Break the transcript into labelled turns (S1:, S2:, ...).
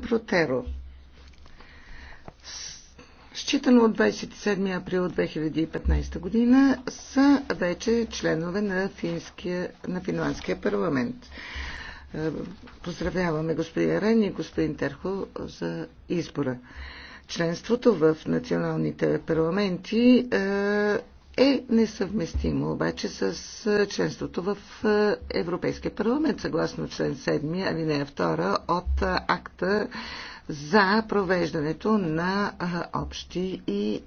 S1: Протеро. Считано от 27 април 2015 година са вече членове на, финския, на финландския парламент. Е, поздравяваме господин Рен и господин Терхо за избора. Членството в националните парламенти е, е несъвместимо обаче с е, членството в Европейския парламент, съгласно член 7, алинея 2 от за провеждането на общи и